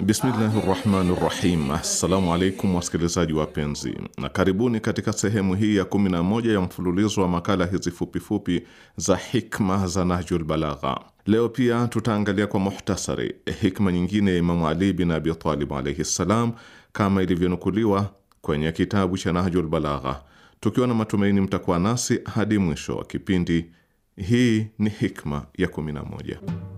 Bismillahi rahmani rahim. Assalamu alaikum wasikilizaji wapenzi, na karibuni katika sehemu hii ya 11 ya mfululizo wa makala hizi fupifupi za hikma za Nahjul Balagha. Leo pia tutaangalia kwa muhtasari hikma nyingine ya Imamu Ali bin Abi Talib alaihi ssalam, kama ilivyonukuliwa kwenye kitabu cha Nahjul Balagha, tukiwa na matumaini mtakuwa nasi hadi mwisho wa kipindi. Hii ni hikma ya 11.